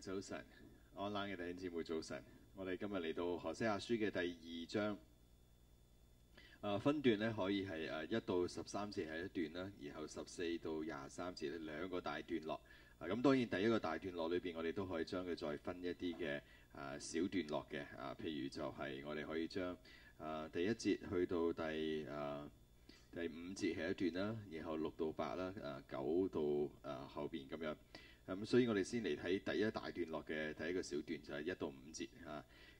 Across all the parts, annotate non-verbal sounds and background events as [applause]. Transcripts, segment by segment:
早晨 online 嘅弟兄姊妹早晨，我哋今日嚟到何西阿書嘅第二章。啊、分段呢可以係啊一到十三節係一段啦，然後十四到廿三節兩個大段落。咁、啊、當然第一個大段落裏邊，我哋都可以將佢再分一啲嘅啊小段落嘅啊，譬如就係我哋可以將啊第一節去到第啊第五節係一段啦，然後六到八啦、啊，啊九到啊後邊咁樣。咁、嗯、所以我哋先嚟睇第一大段落嘅第一個小段，就係、是、一到五節，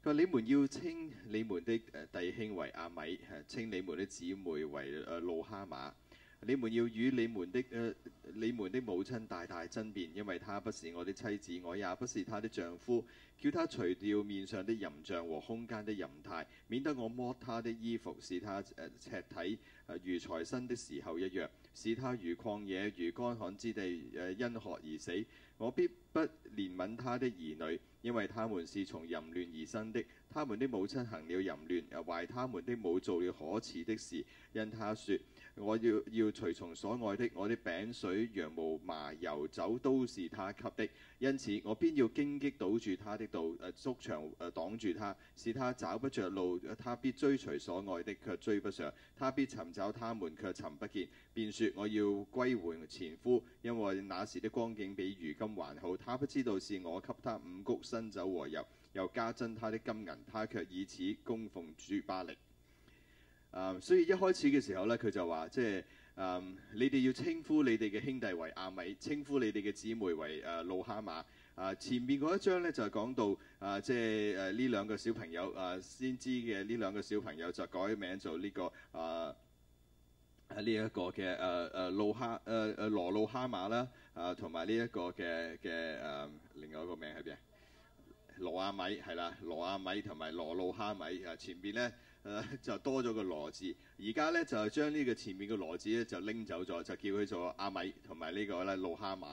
佢話、啊、你們要稱你們的、呃、弟兄為阿米、啊，稱你們的姊妹為誒路、呃、哈馬。你們要與你們的誒、呃、你們的母親大大爭辯，因為她不是我的妻子，我也不是她的丈夫。叫她除掉面上的淫像和胸間的淫態，免得我摸她的衣服，使她誒、呃、赤體、呃、如才生的時候一樣，使她如曠野如乾旱之地、呃、因渴而死。我必不憐憫她的兒女，因為他們是從淫亂而生的。他們的母親行了淫亂、呃，懷他們的母做了可恥的事，因她説。我要要隨從所愛的，我的餅水羊毛麻油酒都是他給的，因此我必要荊棘堵住他的道，誒築牆，誒擋住他，使他找不着路。他必追隨所愛的，卻追不上；他必尋找他們，卻尋不見，便説：我要歸回前夫，因為那時的光景比如今還好。他不知道是我給他五穀新酒和油，又加增他的金銀，他卻以此供奉主巴力。啊，um, 所以一開始嘅時候咧，佢就話即係啊，就是 um, 你哋要稱呼你哋嘅兄弟為阿米，稱呼你哋嘅姊妹為誒、啊、路哈馬。啊，前面嗰一章咧就係講到啊，即係誒呢兩個小朋友啊，先知嘅呢兩個小朋友就改名做呢、這個啊呢一個嘅誒誒路哈誒誒、啊、羅路哈馬啦。啊，同埋呢一個嘅嘅誒另外一個名喺邊？羅阿米係啦，羅阿米同埋羅路哈米。啊，前邊咧。誒、呃、就多咗個羅字，而家咧就係將呢個前面嘅羅字咧就拎走咗，就叫佢做阿米同埋呢個咧魯哈馬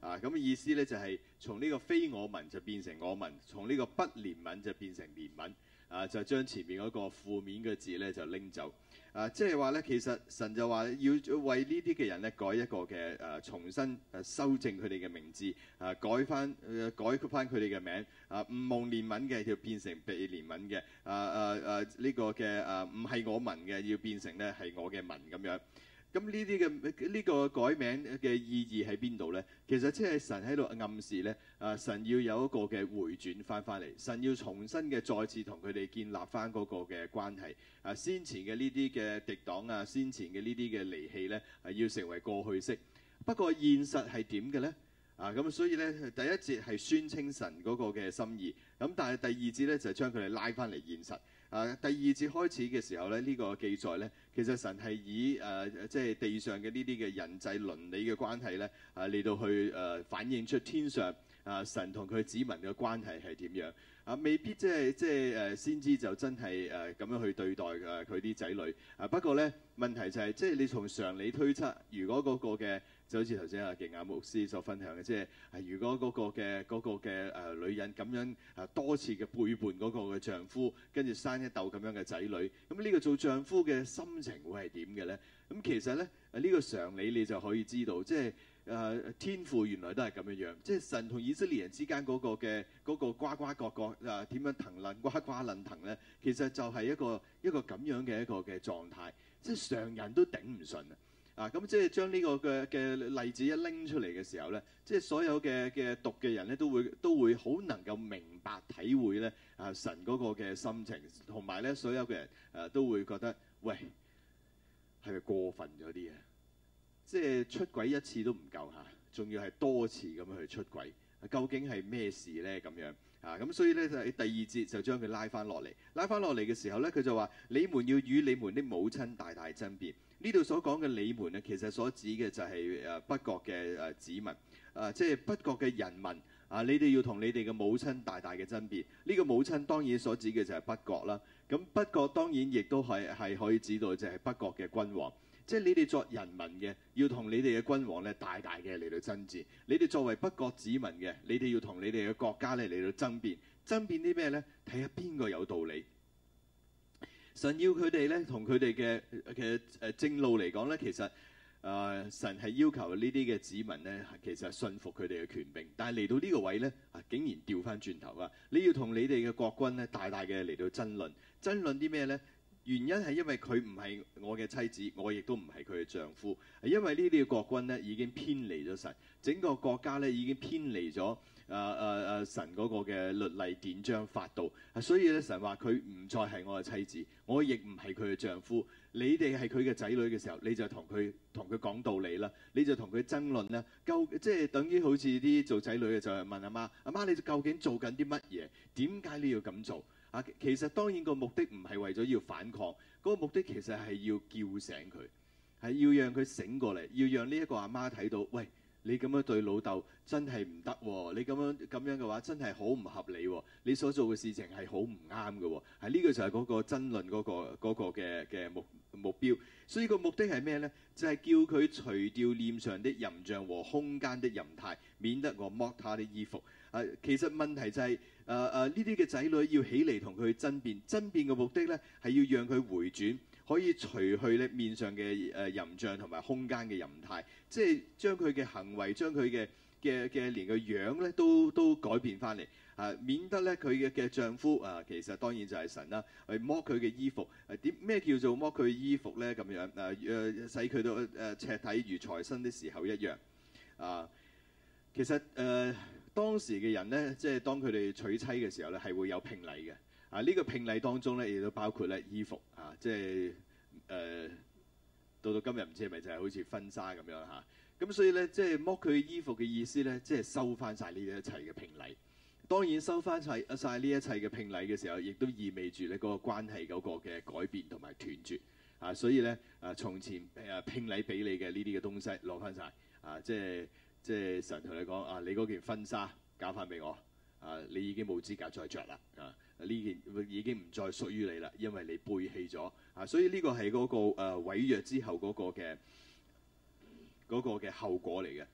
啊！咁意思咧就係、是、從呢個非我民就變成我民，從呢個不憐憫就變成憐憫啊！就將前面嗰個負面嘅字咧就拎走。啊，即係話咧，其實神就話要為呢啲嘅人咧改一個嘅誒、呃，重新誒、呃、修正佢哋嘅名字，誒、呃、改翻誒改翻佢哋嘅名，啊唔忘憐憫嘅要變成被憐憫嘅、呃，啊啊啊呢個嘅啊唔係我民嘅要變成咧係我嘅民咁樣。咁呢啲嘅呢個改名嘅意義喺邊度呢？其實即係神喺度暗示呢，啊神要有一個嘅回轉返返嚟，神要重新嘅再次同佢哋建立返嗰個嘅關係。啊先前嘅呢啲嘅敵擋啊，先前嘅呢啲嘅離棄呢，係要成為過去式。不過現實係點嘅呢？啊咁所以呢，第一節係宣稱神嗰個嘅心意，咁但係第二節呢，就係將佢哋拉返嚟現實。啊，第二節開始嘅時候咧，呢個記載咧，其實神係以誒，即係地上嘅呢啲嘅人際倫理嘅關係咧，啊嚟到去誒反映出天上。啊！神同佢子民嘅關係係點樣？啊，未必即係即係誒，先知就真係誒咁樣去對待誒佢啲仔女。啊，不過咧，問題就係，即係你從常理推測，如果嗰個嘅就好似頭先阿傑亞牧師所分享嘅，即係如果嗰個嘅嗰個嘅誒女人咁樣誒多次嘅背叛嗰個嘅丈夫，跟住生一竇咁樣嘅仔女，咁呢個做丈夫嘅心情會係點嘅咧？咁其實咧誒呢個常理你就可以知道，即係。誒、呃、天父原來都係咁樣樣，即係神同以色列人之間嗰個嘅嗰、嗰個呱呱角角啊，點、呃、樣騰楞瓜瓜楞騰咧？其實就係一個一個咁樣嘅一個嘅狀態，即係常人都頂唔順啊！啊，咁即係將呢個嘅嘅例子一拎出嚟嘅時候咧，即係所有嘅嘅讀嘅人咧，都會都會好能夠明白體會咧啊、呃、神嗰個嘅心情，同埋咧所有嘅人誒、呃、都會覺得喂係咪過分咗啲啊？即係出軌一次都唔夠嚇，仲要係多次咁樣去出軌，究竟係咩事呢？咁樣啊，咁所以呢，就喺第二節就將佢拉翻落嚟，拉翻落嚟嘅時候呢，佢就話：你們要與你們啲母親大大爭辯。呢度所講嘅你們呢，其實所指嘅就係誒北國嘅誒子民，誒即係北國嘅人民啊！你哋要同你哋嘅母親大大嘅爭辯。呢、這個母親當然所指嘅就係北國啦。咁、啊、北國當然亦都係係可以指到就係北國嘅君王。即係你哋作人民嘅，要同你哋嘅君王咧，大大嘅嚟到爭戰。你哋作為北國子民嘅，你哋要同你哋嘅國家咧嚟到爭辯，爭辯啲咩咧？睇下邊個有道理。神要佢哋咧，同佢哋嘅嘅誒正路嚟講咧，其實誒神係要求呢啲嘅子民咧，其實係、呃、信服佢哋嘅權柄。但係嚟到呢個位咧，啊竟然調翻轉頭啊！你要同你哋嘅國君咧，大大嘅嚟到爭論，爭論啲咩咧？原因係因為佢唔係我嘅妻子，我亦都唔係佢嘅丈夫。因為軍呢啲國君咧，已經偏離咗神，整個國家咧，已經偏離咗誒誒誒神嗰個嘅律例典章法度。所以咧神話佢唔再係我嘅妻子，我亦唔係佢嘅丈夫。你哋係佢嘅仔女嘅時候，你就同佢同佢講道理啦，你就同佢爭論啦。究即係等於好似啲做仔女嘅就係問阿媽，媽：阿媽你究竟做緊啲乜嘢？點解你要咁做？啊，其實當然個目的唔係為咗要反抗，嗰、那個目的其實係要叫醒佢，係要讓佢醒過嚟，要讓呢一個阿媽睇到，喂，你咁樣對老豆真係唔得喎，你咁樣咁樣嘅話真係好唔合理喎、哦，你所做嘅事情係好唔啱嘅喎，呢、這個就係嗰個爭論嗰、那個嘅嘅、那個、目目標，所以個目的係咩呢？就係、是、叫佢除掉臉上的淫像和空間的淫態，免得我剝她的衣服。啊，其實問題就係、是。誒誒呢啲嘅仔女要起嚟同佢爭辯，爭辯嘅目的咧係要讓佢回轉，可以除去咧面上嘅誒、呃、淫像同埋空間嘅淫態，即係將佢嘅行為、將佢嘅嘅嘅連個樣咧都都改變翻嚟。啊免得咧佢嘅嘅丈夫啊其實當然就係神啦，去摸佢嘅衣服，係、啊、點、咩叫做摸佢衣服咧咁樣？啊誒，使佢到誒赤體如財身的時候一樣。啊，其實誒。呃當時嘅人呢，即係當佢哋娶妻嘅時候呢，係會有聘禮嘅。啊，呢個聘禮當中呢，亦都包括呢衣服啊，即係誒、呃，到到今日唔知係咪就係好似婚紗咁樣嚇。咁、啊、所以呢，即係剝佢衣服嘅意思呢，即係收翻晒呢一切嘅聘禮。當然收翻晒啊晒呢一切嘅聘禮嘅時候，亦都意味住呢嗰個關係嗰個嘅改變同埋斷絕啊。所以呢，啊，從前誒、呃、聘禮俾你嘅呢啲嘅東西攞翻晒，啊，即係。即係神同你講啊，你嗰件婚紗交翻俾我啊，你已經冇資格再着啦啊，呢件已經唔再屬於你啦，因為你背棄咗啊，所以呢個係嗰、嗰個誒、啊、毀約之後嗰個嘅嗰、嗰個嘅後果嚟嘅。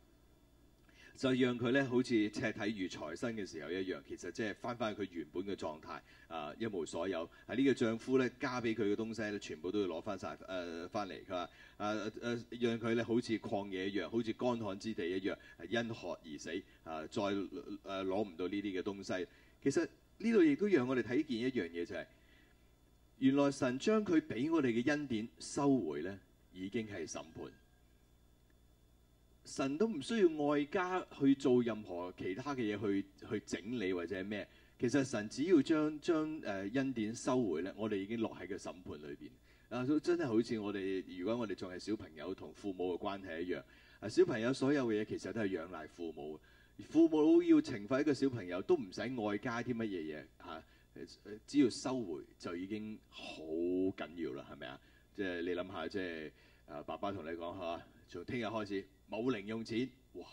就讓佢咧，好似赤體如才生嘅時候一樣，其實即係翻返去佢原本嘅狀態，啊，一無所有。喺、啊、呢、這個丈夫咧加俾佢嘅東西咧，全部都要攞翻晒誒，翻、啊、嚟。佢、啊、話，誒、啊、誒，讓佢咧好似曠野一樣，好似乾旱之地一樣，因渴而死，啊，再誒攞唔到呢啲嘅東西。其實呢度亦都讓我哋睇見一樣嘢就係、是，原來神將佢俾我哋嘅恩典收回呢，已經係審判。神都唔需要外加去做任何其他嘅嘢去去整理或者咩，其實神只要將將誒恩、呃、典收回咧，我哋已經落喺個審判裏邊啊！真係好似我哋如果我哋仲係小朋友同父母嘅關係一樣，啊，小朋友所有嘅嘢其實都係養賴父母，父母要懲罰一個小朋友都唔使外加啲乜嘢嘢嚇，只要收回就已經好緊要啦，係咪、即係即係、啊？即係你諗下，即係爸爸同你講下、啊，從聽日開始。冇零用錢，哇！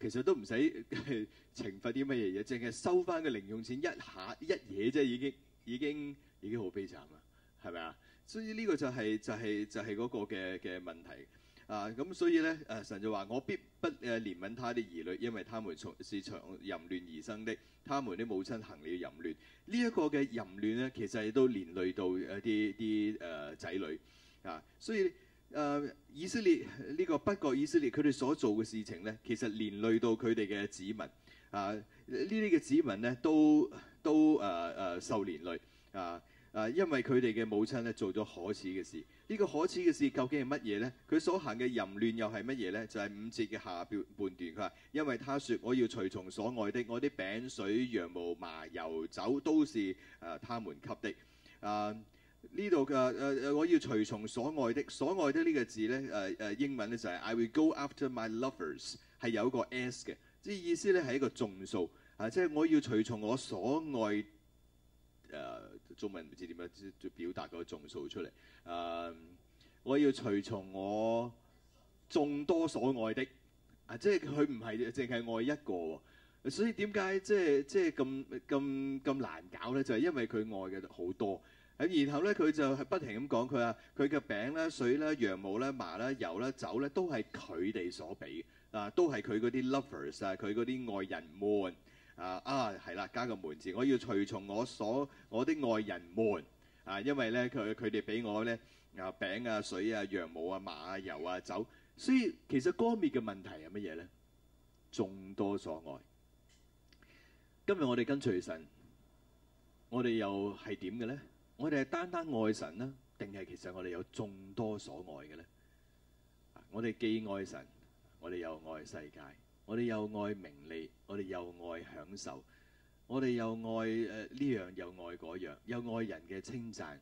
其實都唔使 [laughs] 懲罰啲乜嘢嘢，淨係收返個零用錢一下一嘢啫，已經已經已經好悲慘啦，係咪啊？所以呢個就係、是、就係、是、就係、是、嗰個嘅嘅問題啊！咁所以咧，誒、啊、神就話：我必不誒憐憫他啲兒女，因為他們從是從淫亂而生的，他們啲母親行了淫亂。這個、亂呢一個嘅淫亂咧，其實亦都連累到一啲啲誒仔女啊，所以。誒、uh, 以色列呢、這個不過以色列佢哋所做嘅事情呢，其實連累到佢哋嘅子民啊！呢啲嘅子民呢，都都誒誒、uh, uh, 受連累啊！誒、uh, uh,，因為佢哋嘅母親呢，做咗可恥嘅事，呢、這個可恥嘅事究竟係乜嘢呢？佢所行嘅淫亂又係乜嘢呢？就係、是、五節嘅下半半段，佢話：因為他說我要隨從所愛的，我啲餅、水、羊毛、麻油、酒都是誒他們給的啊！Uh, 呢度嘅誒誒，我要隨從所愛的，所愛的呢個字咧誒誒，英文咧就係 I will go after my lovers，係有一個 S 嘅、呃，即係意思咧係一個眾數啊，即係我要隨從我所愛誒、呃、中文唔知點樣表達個眾數出嚟誒、呃，我要隨從我眾多所愛的啊、呃，即係佢唔係淨係愛一個，所以點解即係即係咁咁咁難搞咧？就係、是、因為佢愛嘅好多。咁然後咧，佢就係不停咁講，佢話佢嘅餅咧、水咧、羊毛咧、麻咧、油咧、酒咧，都係佢哋所俾，嗱，都係佢嗰啲 lovers 啊，佢嗰啲愛人們，啊啊，係啦，加個門字，我要隨從我所我啲愛人們，啊，因為咧佢佢哋俾我咧啊，餅啊、水啊、羊毛啊、麻啊、油啊、酒，所以其實歌篾嘅問題係乜嘢咧？眾多所愛。今日我哋跟隨神，我哋又係點嘅咧？我哋係單單愛神呢，定係其實我哋有眾多所愛嘅呢？啊，我哋既愛神，我哋又愛世界，我哋又愛名利，我哋又愛享受，我哋又愛誒呢樣又愛嗰樣，又愛人嘅稱讚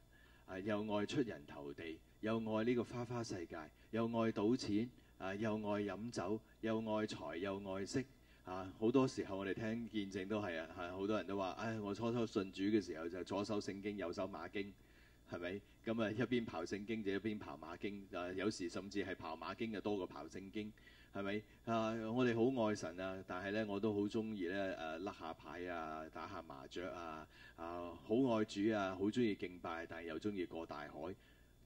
啊，又愛出人頭地，又愛呢個花花世界，又愛賭錢啊，又愛飲酒，又愛財又愛色。啊！好多時候我哋聽見證都係啊，係好多人都話：唉、哎，我初初信主嘅時候就左手聖經，右手馬經，係咪？咁、嗯、啊，一邊刨聖經，就一邊刨馬經，啊，有時甚至係刨馬經就多過刨聖經，係咪？啊，我哋好愛神啊，但係咧我都好中意咧誒，甩、啊、下牌啊，打下麻雀啊，啊，好愛主啊，好中意敬拜，但係又中意過大海，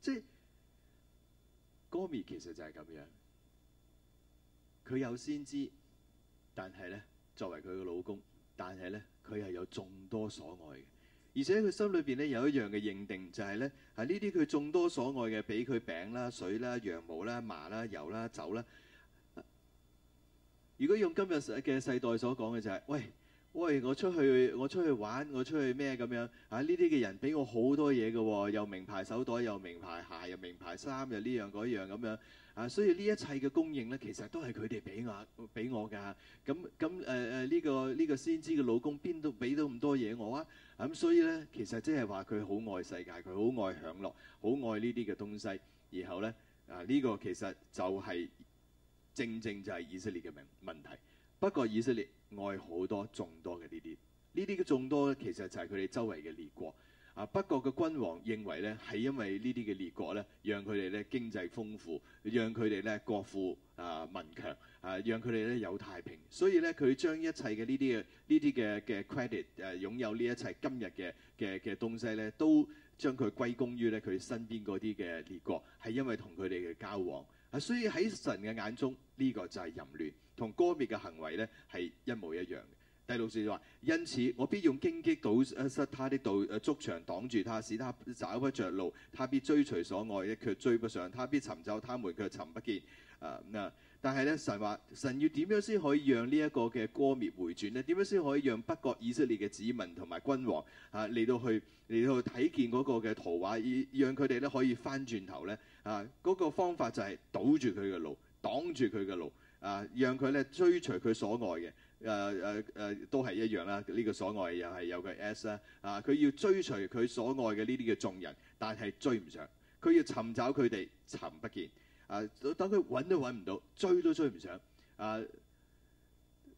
即係，歌篾其實就係咁樣，佢有先知。但係呢，作為佢嘅老公，但係呢，佢係有眾多所愛嘅，而且佢心裏邊呢有一樣嘅認定就呢，就係呢，係呢啲佢眾多所愛嘅，俾佢餅啦、水啦、羊毛啦、麻啦、油啦、酒啦。啊、如果用今日嘅世代所講嘅就係、是，喂喂，我出去我出去玩，我出去咩咁樣？啊呢啲嘅人俾我好多嘢嘅喎，又名牌手袋，又名牌鞋，又名牌衫，又呢樣嗰樣咁樣。啊，所以呢一切嘅供應呢，其實都係佢哋俾我俾我㗎。咁咁誒誒，呢、啊啊啊這個呢、這個先知嘅老公邊度俾到咁多嘢我啊？咁、啊、所以呢，其實即係話佢好愛世界，佢好愛享樂，好愛呢啲嘅東西。然後呢，啊呢、這個其實就係正正就係以色列嘅問問題。不過以色列愛好多眾多嘅呢啲，呢啲嘅眾多其實就係佢哋周圍嘅列國。啊，北國嘅君王認為咧，係因為呢啲嘅列國咧，讓佢哋咧經濟豐富，讓佢哋咧國富啊民強啊，讓佢哋咧有太平。所以咧，佢將一切嘅呢啲嘅呢啲嘅嘅 credit 誒、啊、擁有呢一切今日嘅嘅嘅東西咧，都將佢歸功於咧佢身邊嗰啲嘅列國係因為同佢哋嘅交往。啊，所以喺神嘅眼中，呢、呢個就係淫亂同歌蔑嘅行為咧，係一模一樣嘅。第六節話，因此我必用荊棘堵誒塞他的道誒築牆，擋住他，使他找不着路。他必追隨所愛咧，卻追不上。他必尋找他們，卻尋不見。啊啊！但係咧，神話，神要點樣先可以讓呢一個嘅歌篾回轉咧？點樣先可以讓北國以色列嘅子民同埋君王啊嚟到去嚟到去睇見嗰個嘅圖畫，以讓佢哋咧可以翻轉頭咧啊！嗰、那個方法就係堵住佢嘅路，擋住佢嘅路啊，讓佢咧追隨佢所愛嘅。誒誒誒，都係一樣啦。呢個所愛又係有個 S 啦。啊，佢要追隨佢所愛嘅呢啲嘅眾人，但係追唔上。佢要尋找佢哋，尋不見。啊，等佢揾都揾唔到，追都追唔上。啊，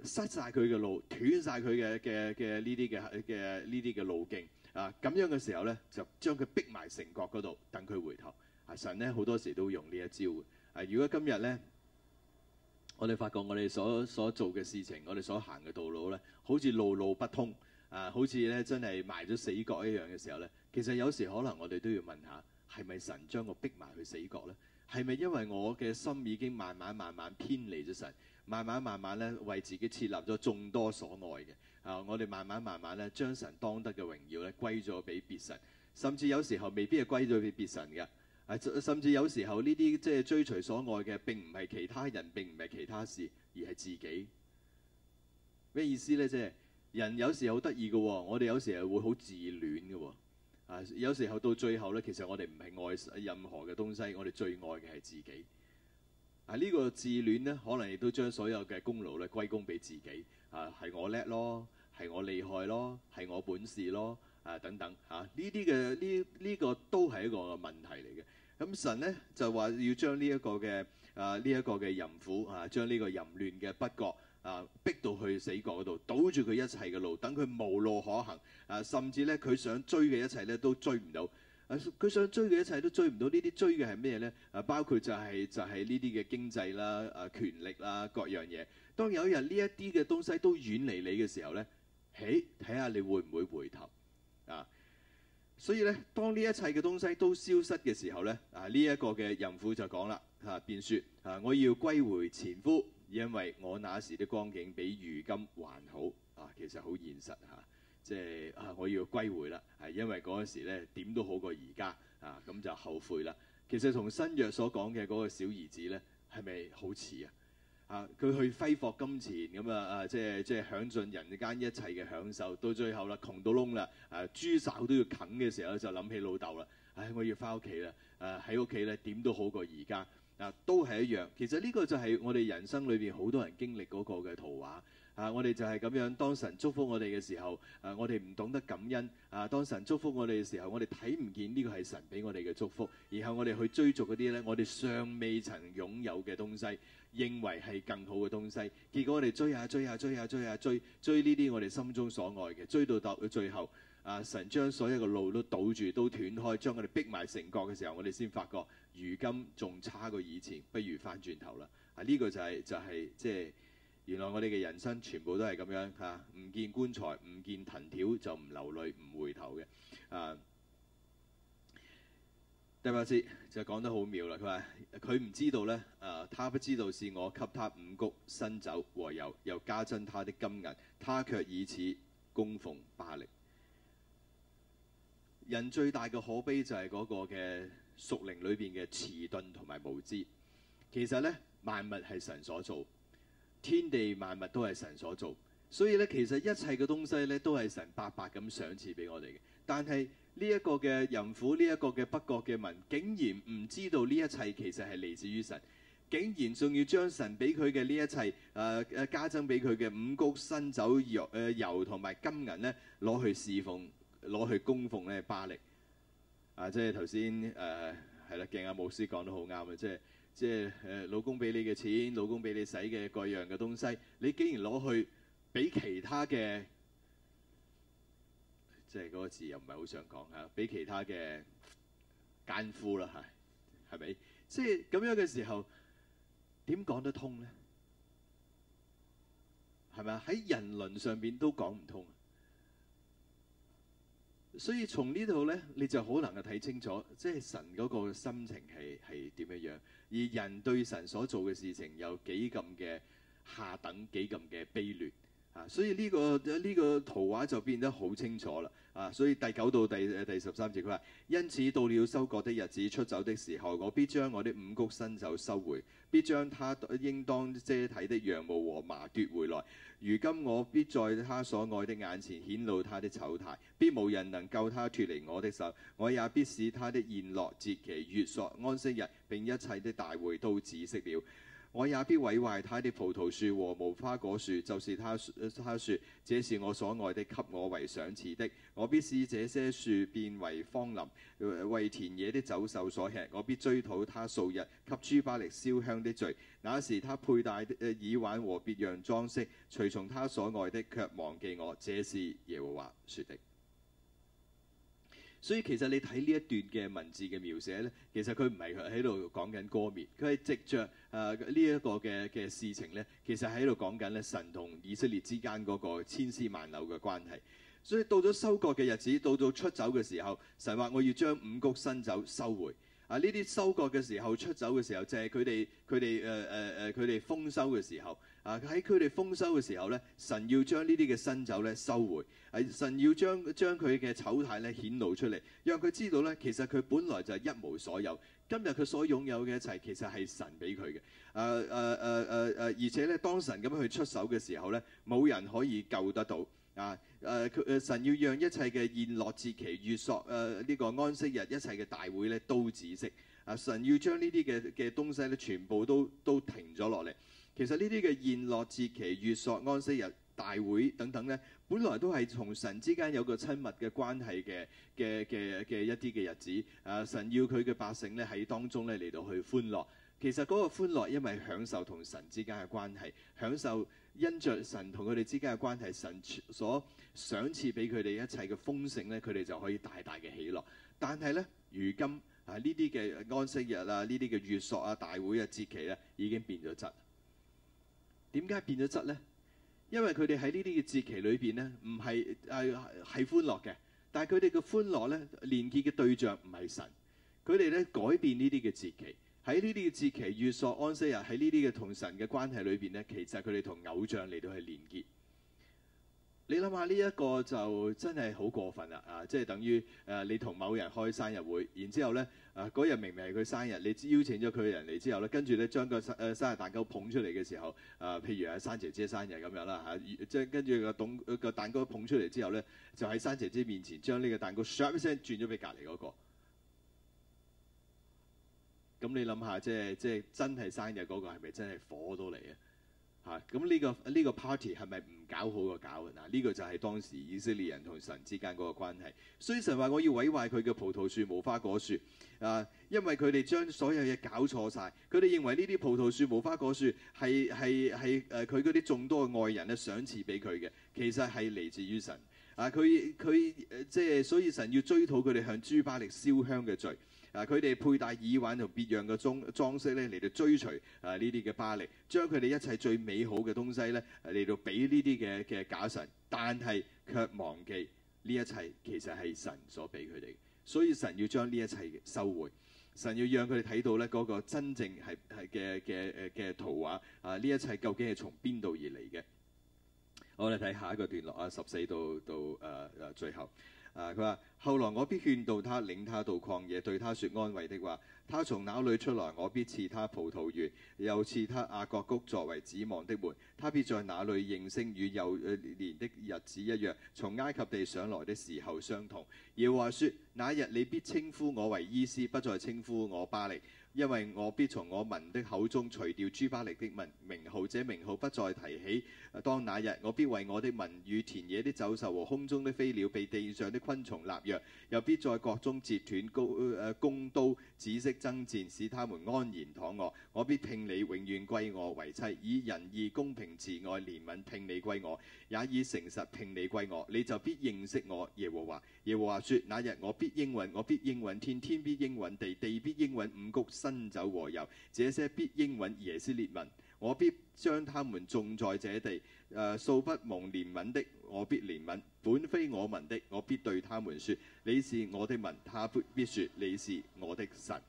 塞晒佢嘅路，斷晒佢嘅嘅嘅呢啲嘅嘅呢啲嘅路徑。啊，咁樣嘅時候咧，就將佢逼埋城角嗰度，等佢回頭。啊，神咧好多時都用呢一招嘅。啊，如果今日咧，我哋發覺我哋所所做嘅事情，我哋所行嘅道路咧，好似路路不通啊！好似咧真係埋咗死角一樣嘅時候咧，其實有時可能我哋都要問下，係咪神將我逼埋去死角咧？係咪因為我嘅心已經慢慢慢慢偏離咗神，慢慢慢慢咧為自己設立咗眾多所愛嘅啊？我哋慢慢慢慢咧將神當得嘅榮耀咧歸咗俾別神，甚至有時候未必係歸咗俾別神嘅。甚至有時候呢啲即係追隨所愛嘅，並唔係其他人，並唔係其他事，而係自己。咩意思呢？即係人有時好得意嘅，我哋有時係會好自戀嘅。啊，有時候到最後呢，其實我哋唔係愛任何嘅東西，我哋最愛嘅係自己。啊，呢個自戀呢，可能亦都將所有嘅功勞咧歸功俾自己。啊，係我叻咯，係我厲害咯，係我本事咯。啊，等等嚇，呢啲嘅呢呢個都係一個問題嚟嘅。咁神咧就話要將呢一個嘅啊呢一個嘅淫婦啊，將呢個淫亂嘅不覺啊，逼到去死角嗰度，堵住佢一切嘅路，等佢無路可行啊！甚至咧佢想追嘅一切咧都追唔到啊，佢想追嘅一切都追唔到。呢啲追嘅係咩咧？啊，包括就係就係呢啲嘅經濟啦、啊權力啦、各樣嘢。當有一日呢一啲嘅東西都遠離你嘅時候咧，誒，睇下你會唔會回頭啊？所以咧，當呢一切嘅東西都消失嘅時候咧，啊呢一、這個嘅淫婦就講啦，啊便説啊，我要歸回前夫，因為我那時的光景比如今還好。啊其實好現實嚇，即係啊，就是、啊我要歸回啦，係、啊、因為嗰陣時咧點都好過而家。啊咁、嗯、就後悔啦。其實同新約所講嘅嗰個小兒子咧，係咪好似啊？啊！佢去揮霍金錢咁啊！啊！即係即係享盡人間一切嘅享受，到最後啦，窮到窿啦！啊！豬手都要啃嘅時候，就諗起老豆啦！唉、哎，我要返屋企啦！啊，喺屋企咧點都好過而家啊，都係一樣。其實呢個就係我哋人生裏邊好多人經歷嗰個嘅圖畫啊！我哋就係咁樣，當神祝福我哋嘅時候，啊，我哋唔懂得感恩啊！當神祝福我哋嘅時候，我哋睇唔見呢個係神俾我哋嘅祝福，然後我哋去追逐嗰啲咧，我哋尚未曾擁有嘅東西。認為係更好嘅東西，結果我哋追啊追啊追啊追啊追追呢啲我哋心中所愛嘅，追到到最後，啊，神將所有嘅路都堵住，都斷開，將我哋逼埋成角嘅時候，我哋先發覺，如今仲差過以前，不如返轉頭啦。啊，呢個就係就係即係原來我哋嘅人生全部都係咁樣嚇，唔見棺材唔見藤條就唔流淚唔回頭嘅啊。第八節就講得好妙啦，佢話佢唔知道咧，啊、呃，他不知道是我給他五穀、新酒和油，又加增他的金銀，他卻以此供奉巴力。人最大嘅可悲就係嗰個嘅屬靈裏邊嘅遲鈍同埋無知。其實咧，萬物係神所造，天地萬物都係神所造，所以咧，其實一切嘅東西咧都係神白白咁賞賜俾我哋嘅，但係。呢一個嘅淫婦，呢一個嘅北國嘅民，竟然唔知道呢一切其實係嚟自於神，竟然仲要將神俾佢嘅呢一切，誒誒加增俾佢嘅五穀、新酒、油誒油同埋金銀咧，攞去侍奉、攞去供奉咧巴力。啊，即係頭先誒係啦，敬阿牧師講得好啱啊！即係即係誒老公俾你嘅錢，老公俾你使嘅各樣嘅東西，你竟然攞去俾其他嘅。即係嗰個字又唔係好想講吓，畀其他嘅奸夫啦，係係咪？即係咁樣嘅時候，點講得通呢？係咪啊？喺人倫上邊都講唔通，所以從呢度咧，你就好能夠睇清楚，即係神嗰個心情係係點樣樣，而人對神所做嘅事情有幾咁嘅下等，幾咁嘅卑劣。啊，所以呢、這個呢、啊這個圖畫就變得好清楚啦。啊，所以第九到第、啊、第十三節，佢話：因此到了收割的日子出走的時候，我必將我的五穀新酒收回，必將他應當遮體的羊毛和麻奪回來。如今我必在他所愛的眼前顯露他的醜態，必無人能救他脫離我的手。我也必使他的宴樂、節期、月朔、安息日並一切的大會都止息了。我也必毀壞他的葡萄樹和無花果樹，就是他誒，他説：這是我所愛的，給我為賞賜的。我必使這些樹變為荒林，為田野的走獸所吃。我必追討他素日，給諸巴力燒香的罪。那時他佩戴的耳環和別樣裝飾，隨從他所愛的，卻忘記我。這是耶和華説的。所以其實你睇呢一段嘅文字嘅描寫呢，其實佢唔係喺度講緊歌篾，佢係藉著誒呢一個嘅嘅事情呢，其實喺度講緊咧神同以色列之間嗰個千絲萬縷嘅關係。所以到咗收割嘅日子，到到出走嘅時候，神話我要將五穀新酒收回。啊，呢啲收割嘅時候、出走嘅時候，就係佢哋佢哋誒誒誒佢哋豐收嘅時候。啊！喺佢哋豐收嘅時候呢，神要將呢啲嘅新酒咧收回，係、啊、神要將將佢嘅醜態咧顯露出嚟，讓佢知道呢，其實佢本來就一無所有。今日佢所擁有嘅一切其實係神俾佢嘅。誒誒誒誒誒，而且呢，當神咁樣去出手嘅時候呢，冇人可以救得到。啊！誒、啊、神要讓一切嘅宴樂節期、月朔誒呢個安息日、一切嘅大會咧都止息。啊！神要將呢啲嘅嘅東西呢全部都都停咗落嚟。其實呢啲嘅宴樂節期、月朔安息日、大會等等呢，本來都係同神之間有個親密嘅關係嘅嘅嘅嘅一啲嘅日子。啊，神要佢嘅百姓呢喺當中呢嚟到去歡樂。其實嗰個歡樂，因為享受同神之間嘅關係，享受因着神同佢哋之間嘅關係，神所賞賜俾佢哋一切嘅豐盛呢，佢哋就可以大大嘅喜樂。但係呢，如今啊呢啲嘅安息日啊、呢啲嘅月朔啊、大會啊、節期呢，已經變咗質。點解變咗質呢？因為佢哋喺呢啲嘅節期裏邊呢，唔係係係歡樂嘅，但係佢哋嘅歡樂呢，連結嘅對象唔係神，佢哋呢改變呢啲嘅節期，喺呢啲嘅節期、月朔安息日喺呢啲嘅同神嘅關係裏邊呢，其實佢哋同偶像嚟到係連結。你諗下呢一個就真係好過分啦！啊，即係等於誒、啊、你同某人開生日會，然之後咧啊嗰日明明係佢生日，你邀請咗佢嘅人嚟之後咧，跟住咧將個誒生日蛋糕捧出嚟嘅時候，啊，譬如係、啊、珊姐姐生日咁樣啦嚇，即、啊、係、啊啊、跟住個棟個蛋糕捧出嚟之後咧，就喺珊姐姐面前將呢個蛋糕唰一聲轉咗俾隔離嗰個。咁你諗下，即係即係真係生日嗰個係咪真係火到嚟啊？嚇！咁呢、啊這個呢、這個 party 係咪唔搞好個搞？嗱、啊，呢、這個就係當時以色列人同神之間嗰個關係。所以神話我要毀壞佢嘅葡萄樹、無花果樹啊，因為佢哋將所有嘢搞錯晒。佢哋認為呢啲葡萄樹、無花果樹係係係誒佢嗰啲眾多嘅愛人咧賞賜俾佢嘅，其實係嚟自於神啊！佢佢誒即係所以神要追討佢哋向諸巴力燒香嘅罪。啊！佢哋佩戴耳環同別樣嘅裝裝飾咧，嚟到追隨啊呢啲嘅巴力，將佢哋一切最美好嘅東西咧嚟到俾呢啲嘅嘅假神，但係卻忘記呢一切其實係神所俾佢哋。所以神要將呢一切收回，神要讓佢哋睇到咧嗰個真正係係嘅嘅誒嘅圖畫啊！呢一切究竟係從邊度而嚟嘅？我哋睇下一個段落啊，十四到到誒誒、啊、最後。啊！佢話：後來我必勸導他，領他到曠野，對他說安慰的話。他從那裏出來，我必賜他葡萄園，又賜他亞割谷作為指望的門。他必在那裏應聲，與幼年的日子一樣，從埃及地上來的時候相同。要話說，那日你必稱呼我為伊施，不再稱呼我巴力。因為我必從我民的口中除掉諸巴力的名號，這名號不再提起。當那日，我必為我的民與田野的走獸和空中的飛鳥，被地上的昆蟲立約，又必在國中截斷高、呃、弓刀，止息爭戰，使他們安然躺卧。我必聘你永遠歸我為妻，以仁義、公平、慈愛、憐憫聘你歸我，也以誠實聘你歸我。你就必認識我，耶和華。耶和華說：那日我必應允，我必應允天，天，天必應允地，地必應允五穀。」新酒和油，這些必應允耶斯列民。我必將他們種在這地。誒，素不蒙憐憫的，我必憐憫；本非我民的，我必對他們説：你是我的民。他必必説：你是我的神。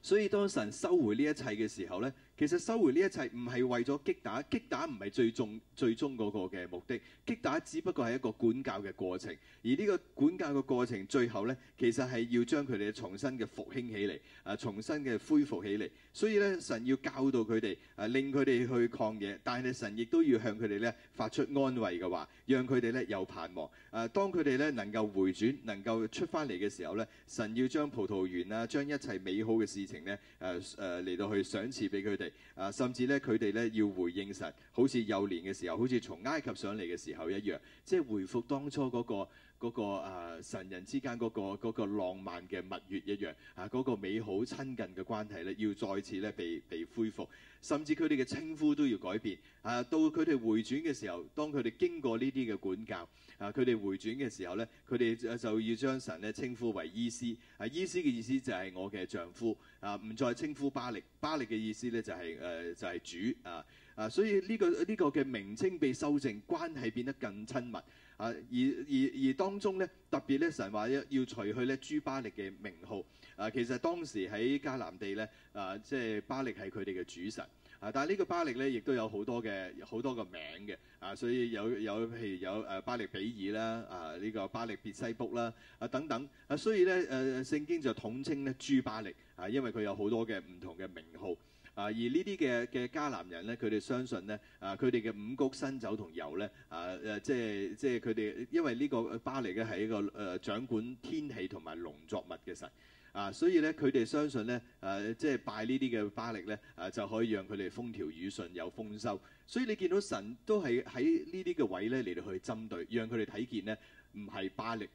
所以當神收回呢一切嘅時候呢。其實收回呢一切唔係為咗擊打，擊打唔係最重最終嗰個嘅目的，擊打只不過係一個管教嘅過程，而呢個管教嘅過程最後呢，其實係要將佢哋重新嘅復興起嚟，啊，重新嘅恢復起嚟。所以咧，神要教導佢哋，誒、啊、令佢哋去抗嘢，但係神亦都要向佢哋咧發出安慰嘅話，讓佢哋咧有盼望。誒、啊，當佢哋咧能夠回轉，能夠出返嚟嘅時候咧，神要將葡萄園啊，將一切美好嘅事情咧，誒誒嚟到去賞賜俾佢哋。誒、啊，甚至咧佢哋咧要回應神，好似幼年嘅時候，好似從埃及上嚟嘅時候一樣，即係回復當初嗰、那個。嗰個神人之間嗰個浪漫嘅蜜月一樣啊，嗰、嗰個美好親近嘅關係咧，要再次咧被被恢復，甚至佢哋嘅稱呼都要改變啊。到佢哋回轉嘅時候，當佢哋經過呢啲嘅管教啊，佢哋回轉嘅時候呢，佢哋就要將神咧稱呼為伊施啊，伊施嘅意思就係我嘅丈夫啊，唔再稱呼巴力，巴力嘅意思呢、就係，就係誒就係主啊啊，所以呢、呢個呢、呢個嘅名稱被修正，關係變得更親密。啊！而而而當中咧，特別咧，神話要要除去咧諸巴力嘅名號。啊，其實當時喺迦南地咧，啊，即係巴力係佢哋嘅主神。啊，但係呢個巴力咧，亦都有好多嘅好多個名嘅。啊，所以有有譬如有誒巴力比爾啦，啊呢個巴力別西卜啦，啊等等。啊，所以咧誒聖經就統稱咧諸巴力啊，因為佢有好多嘅唔同嘅名號。啊！而呢啲嘅嘅迦南人咧，佢哋相信咧，啊，佢哋嘅五穀新酒同油咧，啊，誒、啊，即係即係佢哋，因為呢個巴力嘅係一個誒、呃、掌管天氣同埋農作物嘅神，啊，所以咧佢哋相信咧，誒、啊，即係拜呢啲嘅巴力咧，啊就可以讓佢哋風調雨順，有豐收。所以你見到神都係喺呢啲嘅位咧嚟到去針對，讓佢哋睇見呢，唔係巴力，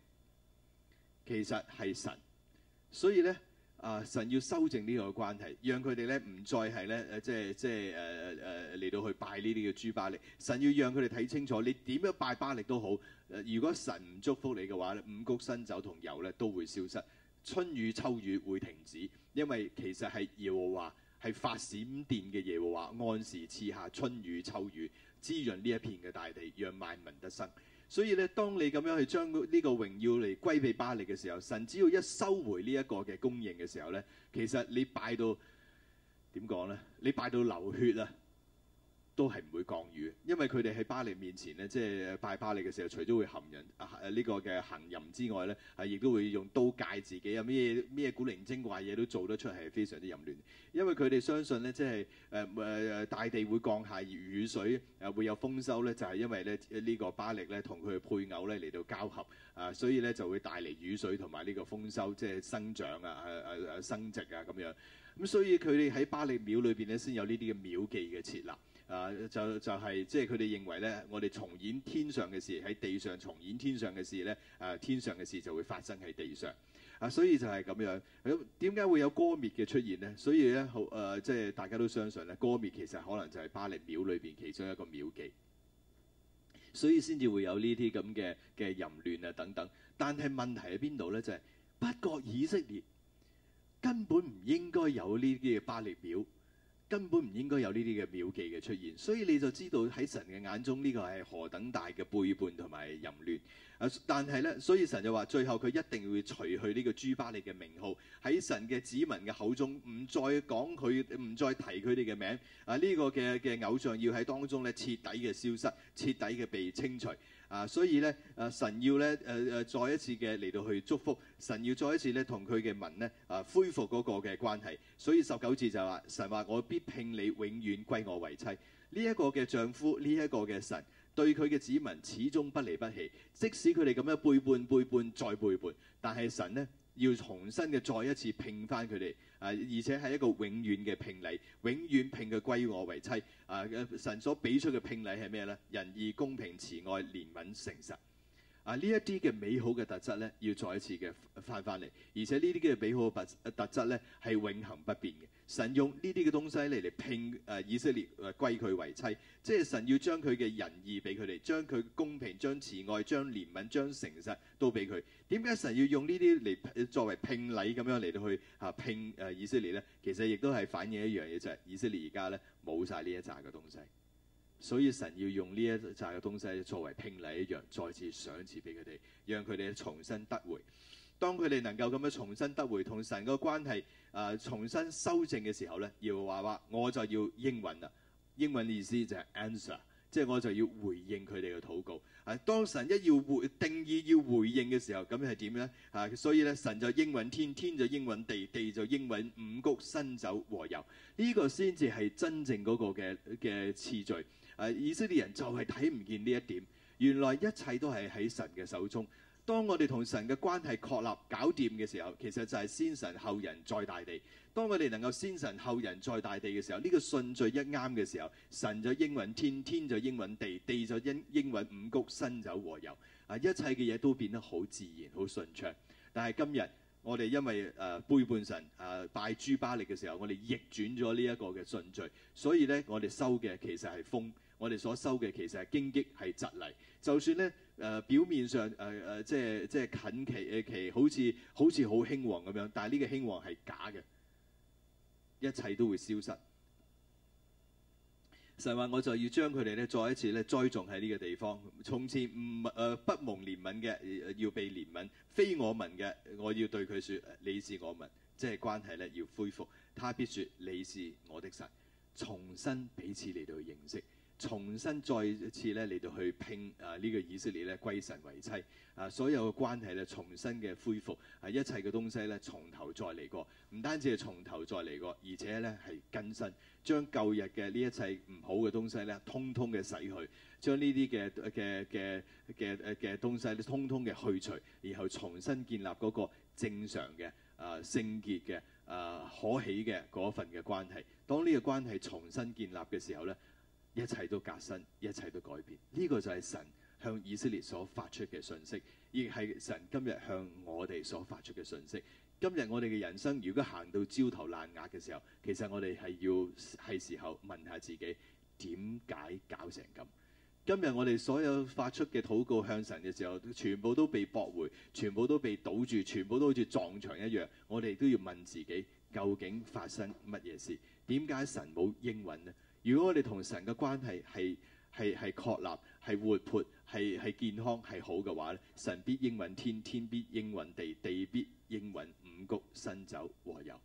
其實係神。所以咧。啊！神要修正呢個關係，讓佢哋咧唔再係咧，即係即係誒誒嚟到去拜呢啲嘅豬巴力。神要讓佢哋睇清楚，你點樣拜巴力都好、呃。如果神唔祝福你嘅話咧，五穀新酒同油咧都會消失，春雨秋雨會停止，因為其實係耶和華係發閃電嘅耶和華，按時賜下春雨秋雨，滋潤呢一片嘅大地，讓萬民得生。所以當你咁樣去將呢個榮耀嚟歸俾巴力嘅時候，神只要一收回呢一個嘅供應嘅時候咧，其實你拜到點講呢？你拜到流血啊！都係唔會降雨，因為佢哋喺巴力面前呢，即係拜巴力嘅時候，除咗會含淫誒呢個嘅行淫之外呢，係、啊、亦都會用刀戒自己啊，咩咩古靈精怪嘢都做得出，係非常之淫亂。因為佢哋相信呢，即係誒誒大地會降下雨水，誒、啊、會有豐收、就是、呢，就係因為咧呢個巴力呢，同佢嘅配偶呢嚟到交合啊，所以呢就會帶嚟雨水同埋呢個豐收，即係生長啊啊啊生殖啊咁樣。咁、啊、所以佢哋喺巴力廟裏邊呢，先有呢啲嘅廟記嘅設立。啊，就就係即係佢哋認為咧，我哋重演天上嘅事，喺地上重演天上嘅事咧，誒、啊、天上嘅事就會發生喺地上。啊，所以就係咁樣。咁點解會有歌滅嘅出現呢？所以咧，誒、呃、即係大家都相信咧，歌滅其實可能就係巴力廟裏邊其中一個廟妓，所以先至會有呢啲咁嘅嘅淫亂啊等等。但係問題喺邊度咧？就係、是、北國以色列根本唔應該有呢啲嘅巴力廟。根本唔應該有呢啲嘅妙技嘅出現，所以你就知道喺神嘅眼中呢個係何等大嘅背叛同埋淫亂。啊，但係呢，所以神就話最後佢一定會除去呢個諸巴力嘅名號，喺神嘅子民嘅口中唔再講佢，唔再提佢哋嘅名。啊，呢個嘅偶像要喺當中咧徹底嘅消失，徹底嘅被清除。啊，所以咧，誒、啊、神要咧，誒、啊、誒再一次嘅嚟到去祝福，神要再一次咧同佢嘅民咧，啊恢復嗰個嘅關係。所以十九字十九節就係話，神話我必聘你，永遠歸我為妻。呢、這、一個嘅丈夫，呢、這、一個嘅神，對佢嘅子民始終不離不棄，即使佢哋咁樣背叛、背叛、再背叛，但係神咧要重新嘅再一次聘翻佢哋。啊！而且係一個永遠嘅聘禮，永遠聘佢歸我為妻。啊！神所俾出嘅聘禮係咩呢？仁義、公平、慈愛、憐憫、誠實。啊！呢一啲嘅美好嘅特質咧，要再一次嘅翻返嚟，而且呢啲嘅美好嘅特特質咧，係永恆不變嘅。神用呢啲嘅東西嚟嚟聘誒以色列誒、啊、歸佢為妻，即係神要將佢嘅仁義俾佢哋，將佢公平、將慈愛、將憐憫、將誠實都俾佢。點解神要用呢啲嚟作為聘禮咁樣嚟到去嚇聘誒以色列咧？其實亦都係反映一樣嘢，就係、是、以色列而家咧冇晒呢一紮嘅東西。所以神要用呢一紮嘅東西作為聘禮一樣再次賞賜俾佢哋，讓佢哋重新得回。當佢哋能夠咁樣重新得回同神嘅關係誒、呃、重新修正嘅時候咧，要話話我就要應允啦。應允嘅意思就係 answer，即係我就要回應佢哋嘅禱告。啊，當神一要回定義要回應嘅時候，咁又係點咧？啊，所以咧神就應允天，天就應允地，地就應允五穀新酒和油。呢、這個先至係真正嗰個嘅嘅次序。啊、以色列人就係睇唔見呢一點，原來一切都係喺神嘅手中。當我哋同神嘅關係確立、搞掂嘅時候，其實就係先神後人再大地。當我哋能夠先神後人再大地嘅時候，呢、這個順序一啱嘅時候，神就應允天，天就應允地，地就應應允五穀新酒和油。啊，一切嘅嘢都變得好自然、好順暢。但係今日我哋因為誒、呃、背叛神、誒、呃、拜諸巴力嘅時候，我哋逆轉咗呢一個嘅順序，所以咧我哋收嘅其實係風。我哋所收嘅其實係荊棘係蒺藜，就算咧誒、呃、表面上誒誒、呃呃、即係即係近期誒、呃、期好似好似好興旺咁樣，但係呢個興旺係假嘅，一切都會消失。神話我就要將佢哋咧再一次咧栽種喺呢個地方，從前唔誒、呃、不蒙憐憫嘅要被憐憫，非我民嘅我要對佢説你是我民，即係關係咧要恢復。他必説你是我的神，重新彼此嚟到認識。重新再一次咧嚟到去拼啊！呢個以色列咧歸神為妻啊，所有嘅關係咧重新嘅恢復，係一切嘅東西咧從頭再嚟過。唔單止係從頭再嚟過，而且咧係更新，將舊日嘅呢一切唔好嘅東西咧，通通嘅洗去，將呢啲嘅嘅嘅嘅嘅東西咧，通通嘅去除，然後重新建立嗰個正常嘅啊聖潔嘅啊可喜嘅嗰份嘅關係。當呢個關係重新建立嘅時候咧。一切都革新，一切都改變。呢、這個就係神向以色列所發出嘅信息，亦係神今日向我哋所發出嘅信息。今日我哋嘅人生，如果行到焦頭爛額嘅時候，其實我哋係要係時候問下自己，點解搞成咁？今日我哋所有發出嘅禱告向神嘅時候，全部都被駁回，全部都被堵住，全部都好似撞牆一樣。我哋都要問自己，究竟發生乜嘢事？點解神冇應允呢？如果我哋同神嘅關係係係係確立、係活潑、係係健康、係好嘅話咧，神必應允天，天必應允地，地必應允五穀、新酒和油。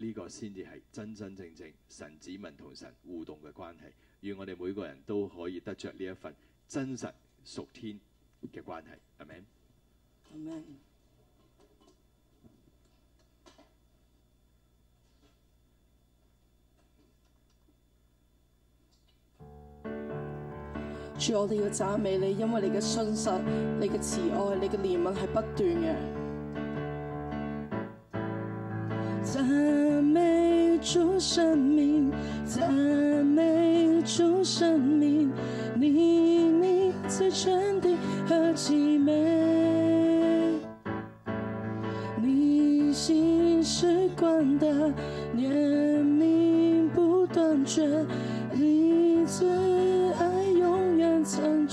呢、這個先至係真真正正神子民同神互動嘅關係，願我哋每個人都可以得着呢一份真實屬天嘅關係。阿門？阿門。主，我哋要讚美你，因為你嘅信實，你嘅慈愛，你嘅憐憫係不斷嘅。讚美主生命，讚美主生命，你名在全地何其美！你心是光的，念名不斷絕，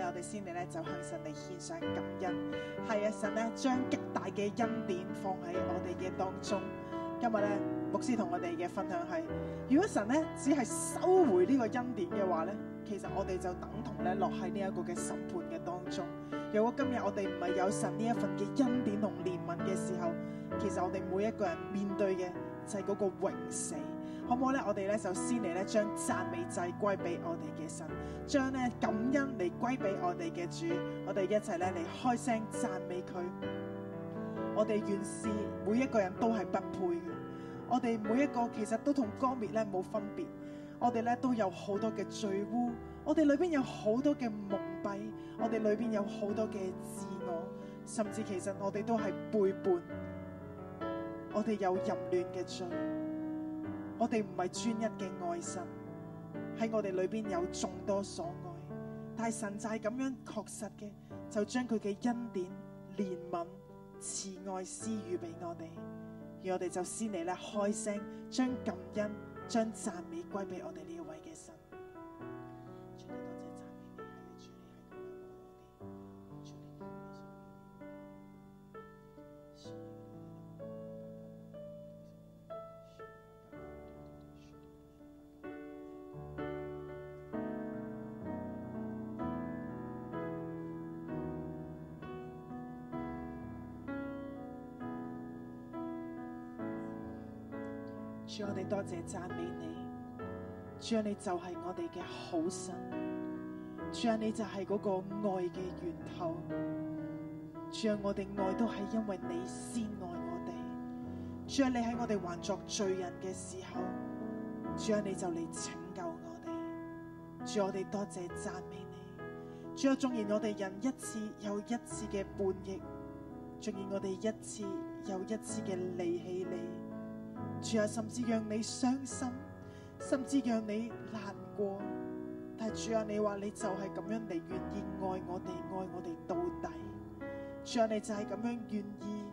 我哋先嚟咧，就向神嚟獻上感恩。係啊，神咧將極大嘅恩典放喺我哋嘅當中。今日咧，牧師同我哋嘅分享係：如果神咧只係收回呢個恩典嘅話咧，其實我哋就等同咧落喺呢一個嘅審判嘅當中。如果今日我哋唔係有神呢一份嘅恩典同憐憫嘅時候，其實我哋每一個人面對嘅就係嗰個永死。好唔好咧？我哋咧就先嚟咧將讚美祭歸俾我哋嘅神，將咧感恩嚟歸俾我哋嘅主。我哋一齊咧嚟開聲讚美佢。我哋原是每一個人都係不配嘅，我哋每一個其實都同光滅咧冇分別。我哋咧都有好多嘅罪污，我哋裏邊有好多嘅蒙蔽，我哋裏邊有好多嘅自我，甚至其實我哋都係背叛，我哋有淫亂嘅罪。我哋唔係專一嘅愛神，喺我哋裏邊有眾多所愛，但係神就係咁樣確實嘅，就將佢嘅恩典、憐憫、慈愛施予俾我哋，而我哋就先嚟，咧開聲將感恩、將讚美歸俾我哋。主，我哋多謝讚美你。主你就係我哋嘅好神。主你就係嗰個愛嘅源頭。主我哋愛都係因為你先愛我哋。主你喺我哋還作罪人嘅時候，主你就嚟拯救我哋。主，我哋多謝讚美你。主啊，縱然我哋人一次又一次嘅叛逆，縱然我哋一次又一次嘅離棄你。主啊，甚至讓你傷心，甚至讓你難過。但主啊，你話你就係咁樣，願意愛我哋，愛我哋到底。主啊，你就係咁樣願意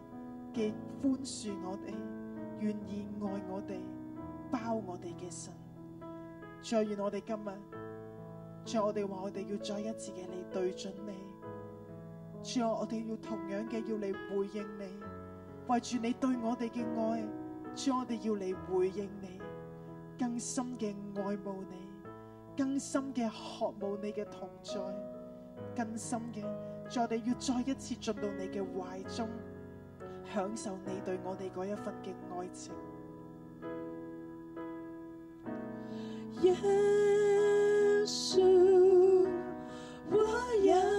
嘅寬恕我哋，願意愛我哋、包我哋嘅神。主啊，願我哋今日，主啊，我哋話我哋要再一次嘅嚟對準你。主啊，我哋要同樣嘅要嚟回應你，為住你對我哋嘅愛。主，我哋要嚟回應你，更深嘅愛慕你，更深嘅渴慕你嘅同在，更深嘅，主，我哋要再一次進到你嘅懷中，享受你對我哋一份嘅愛情。耶穌、yes, you，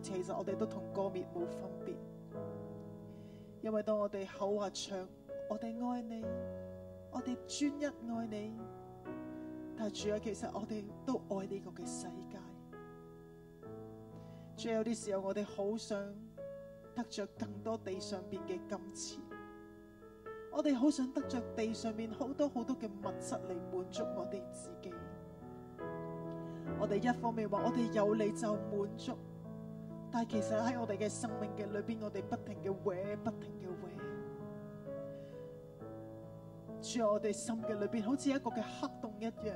其實我哋都同歌篾冇分別，因為當我哋口話唱我哋愛你，我哋專一愛你，但係主啊，其實我哋都愛呢個嘅世界。最有啲時候，我哋好想得着更多地上邊嘅金錢，我哋好想得着地上面好多好多嘅物質嚟滿足我哋自己。我哋一方面話，我哋有你就滿足。但係其實喺我哋嘅生命嘅裏邊，我哋不停嘅搲，不停嘅搲，住喺我哋心嘅裏邊，好似一個嘅黑洞一樣。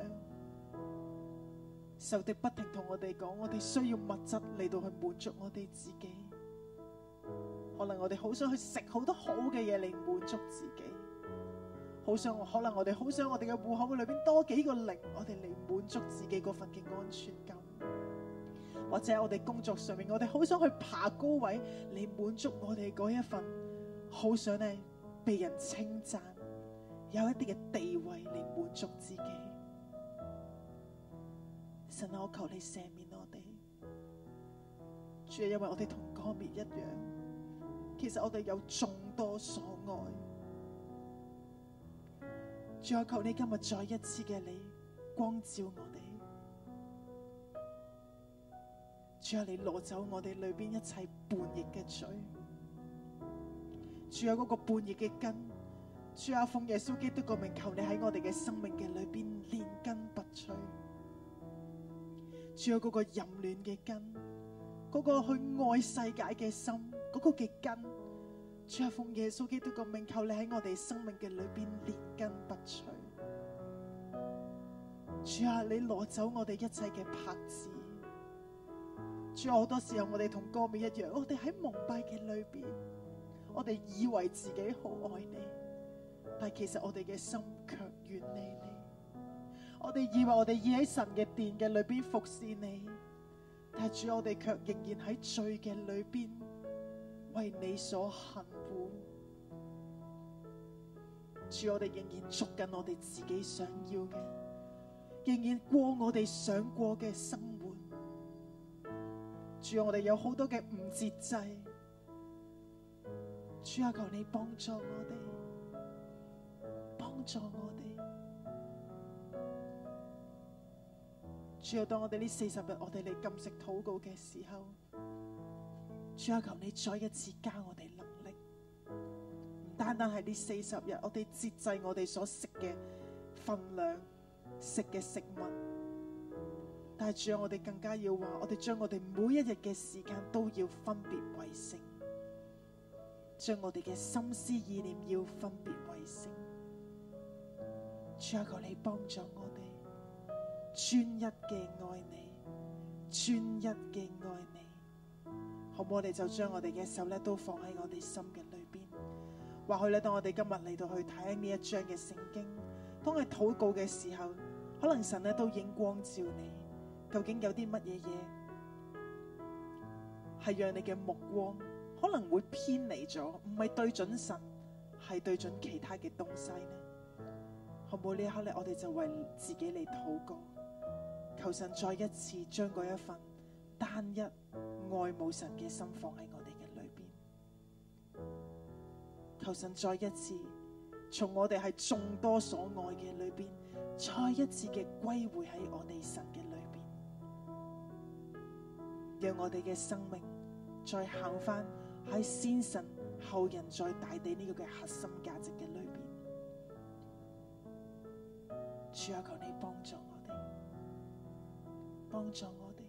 仇敵不停同我哋講，我哋需要物質嚟到去滿足我哋自己。可能我哋好想去食好多好嘅嘢嚟滿足自己，好想可能我哋好想我哋嘅戶口裏邊多幾個零，我哋嚟滿足自己嗰份嘅安全感。或者我哋工作上面，我哋好想去爬高位，嚟滿足我哋嗰一份，好想咧被人稱讚，有一啲嘅地位嚟滿足自己。神啊，我求你赦免我哋，主要因為我哋同歌篾一樣，其實我哋有眾多所愛。主啊，求你今日再一次嘅你光照我哋。主啊，你攞走我哋裏邊一切叛逆嘅罪，主啊，嗰個叛逆嘅根，主啊，奉耶穌基督嘅名，求你喺我哋嘅生命嘅裏邊連根拔萃。主啊，嗰個淫亂嘅根，嗰、那個去愛世界嘅心嗰、那個嘅根，主啊，奉耶穌基督嘅名，求你喺我哋生命嘅裏邊連根拔萃。主啊，你攞走我哋一切嘅拍子。主，好多時候我哋同歌篾一樣，我哋喺蒙蔽嘅裏邊，我哋以為自己好愛你，但其實我哋嘅心卻遠離你。我哋以為我哋已喺神嘅殿嘅裏邊服侍你，但主，我哋卻仍然喺罪嘅裏邊為你所辛苦。主，我哋仍然捉緊我哋自己想要嘅，仍然過我哋想過嘅生活。主啊，我哋有好多嘅唔節制，主啊，求你幫助我哋，幫助我哋。主啊，當我哋呢四十日我哋嚟禁食禱告嘅時候，主啊，求你再一次教我哋能力，唔單單係呢四十日，我哋節制我哋所食嘅份量，食嘅食物。但係，仲有我哋更加要話，我哋將我哋每一日嘅時間都要分別為聖，將我哋嘅心思意念要分別為聖。求一個你幫助我哋專一嘅愛你，專一嘅愛你好，好唔好？我哋就將我哋嘅手咧，都放喺我哋心嘅裏邊。或許咧，當我哋今日嚟到去睇呢一章嘅聖經，當佢禱告嘅時候，可能神咧都應光照你。究竟有啲乜嘢嘢係讓你嘅目光可能會偏離咗？唔係對準神，係對準其他嘅東西呢？好唔好呢一刻呢？我哋就為自己嚟禱告，求神再一次將嗰一份單一愛慕神嘅心放喺我哋嘅裏邊。求神再一次從我哋係眾多所愛嘅裏邊，再一次嘅歸回喺我哋神嘅。讓我哋嘅生命再行翻喺先神後人，在大地呢個嘅核心價值嘅裏邊，主啊，求你幫助我哋，幫助我哋。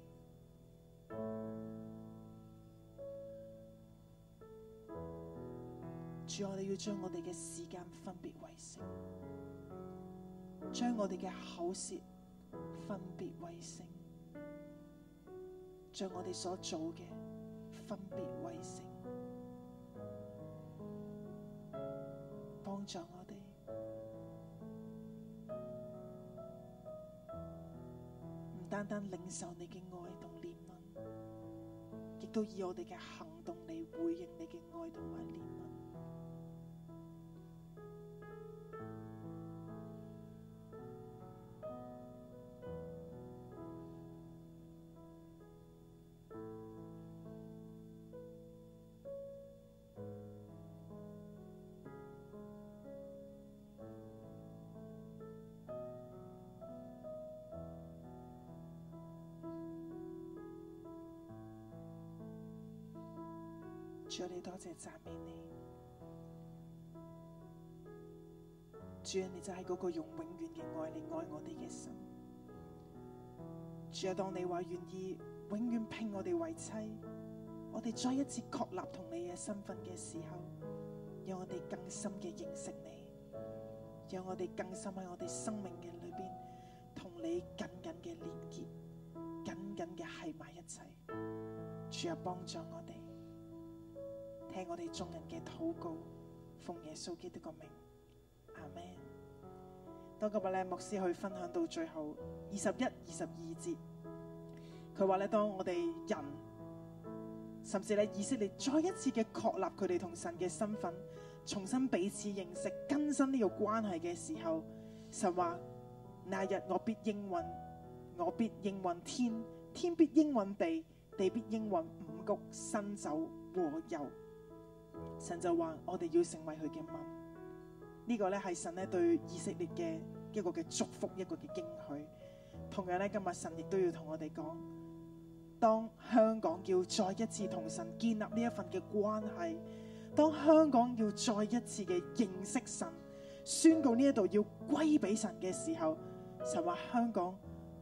主，我哋要將我哋嘅時間分別為聖，將我哋嘅口舌分別為聖。將我哋所做嘅分別為聖，幫助我哋唔單單領受你嘅愛同憐憫，亦都以我哋嘅行動嚟回應你嘅愛同埋憐憫。主你多謝讚美你，主啊，你就係嗰個用永遠嘅愛嚟愛我哋嘅神。主啊，當你話願意永遠聘我哋為妻，我哋再一次確立同你嘅身份嘅時候，讓我哋更深嘅認識你，讓我哋更深喺我哋生命嘅裏邊同你緊緊嘅連結，緊緊嘅繫埋一齊。主啊，幫助我哋。聽我哋眾人嘅禱告，奉耶穌基督嘅名，阿門。當今日咧牧師去分享到最後二十一、二十二節，佢話咧：當我哋人，甚至咧以色列再一次嘅確立佢哋同神嘅身份，重新彼此認識、更新呢個關係嘅時候，神話那日我必應允，我必應允天，天必應允地，地必應允五穀、新酒和油。神就話，我哋要成為佢嘅民，呢、這個咧係神咧對以色列嘅一個嘅祝福，一個嘅應許。同樣咧，今日神亦都要同我哋講，當香港要再一次同神建立呢一份嘅關係，當香港要再一次嘅認識神，宣告呢一度要歸俾神嘅時候，神話香港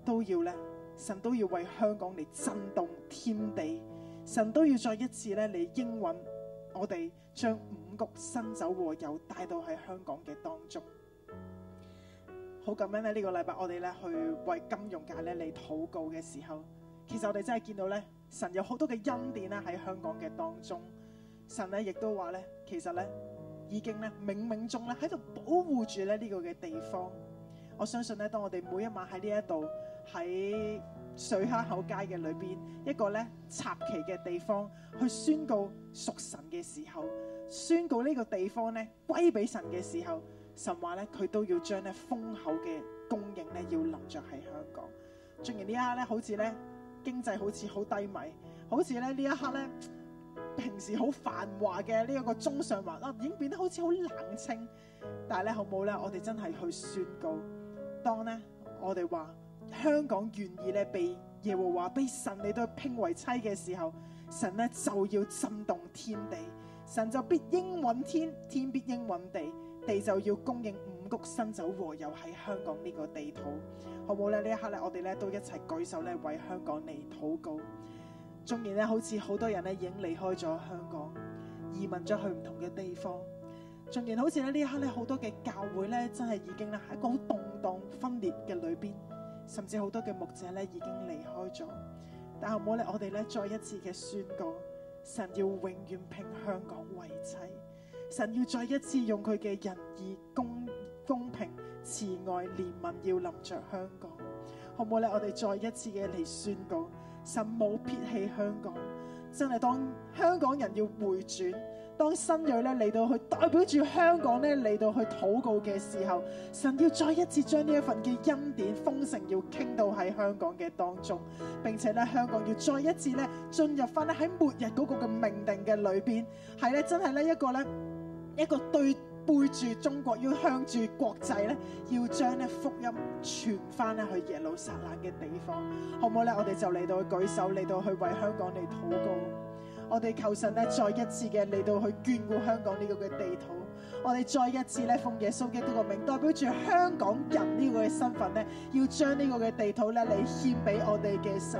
都要咧，神都要為香港嚟震動天地，神都要再一次咧，嚟應允。我哋將五穀新酒和油帶到喺香港嘅當中，好咁樣咧，呢個禮拜我哋咧去為金融界呢嚟禱告嘅時候，其實我哋真係見到咧，神有好多嘅恩典咧喺香港嘅當中，神咧亦都話咧，其實咧已經咧冥冥中咧喺度保護住咧呢個嘅地方，我相信咧當我哋每一晚喺呢一度喺。水坑口街嘅裏邊一個咧插旗嘅地方，去宣告屬神嘅時候，宣告呢個地方咧歸俾神嘅時候，神話咧佢都要將咧豐厚嘅供應咧要臨着喺香港。雖然呢一刻咧好似咧經濟好似好低迷，好似咧呢一刻咧平時好繁華嘅呢一個中上環啊已經變得好似好冷清。但係咧好唔好咧，我哋真係去宣告，當咧我哋話。香港願意咧被耶和華、被神，你都聘為妻嘅時候，神咧就要震動天地，神就必應允天，天必應允地，地就要供應五穀、新酒和油喺香港呢個地土，好冇咧？呢一刻咧，我哋咧都一齊舉手咧，為香港嚟禱告。縱然呢，好似好多人呢已經離開咗香港，移民咗去唔同嘅地方，縱然好似咧呢一刻咧好多嘅教會咧真係已經咧喺一個好動盪分裂嘅裏邊。甚至好多嘅牧者咧已經離開咗，但係好唔好咧？我哋咧再一次嘅宣告，神要永遠聘香港為妻，神要再一次用佢嘅仁義公公平慈愛憐憫要臨着香港，好唔好咧？我哋再一次嘅嚟宣告，神冇撇棄香港，真係當香港人要回轉。當新銳咧嚟到去代表住香港咧嚟到去禱告嘅時候，神要再一次將呢一份嘅恩典封成，要傾到喺香港嘅當中，並且咧香港要再一次咧進入翻咧喺末日嗰個嘅命定嘅裏邊，係咧真係呢一個咧一個對背住中國要向住國際咧要將咧福音傳翻咧去耶路撒冷嘅地方，好唔好咧？我哋就嚟到去舉手嚟到去為香港嚟禱告。我哋求神咧，再一次嘅嚟到去眷顧香港呢個嘅地土。我哋再一次咧奉耶穌基督呢個名，代表住香港人呢個嘅身份咧，要將呢個嘅地土咧嚟獻俾我哋嘅神。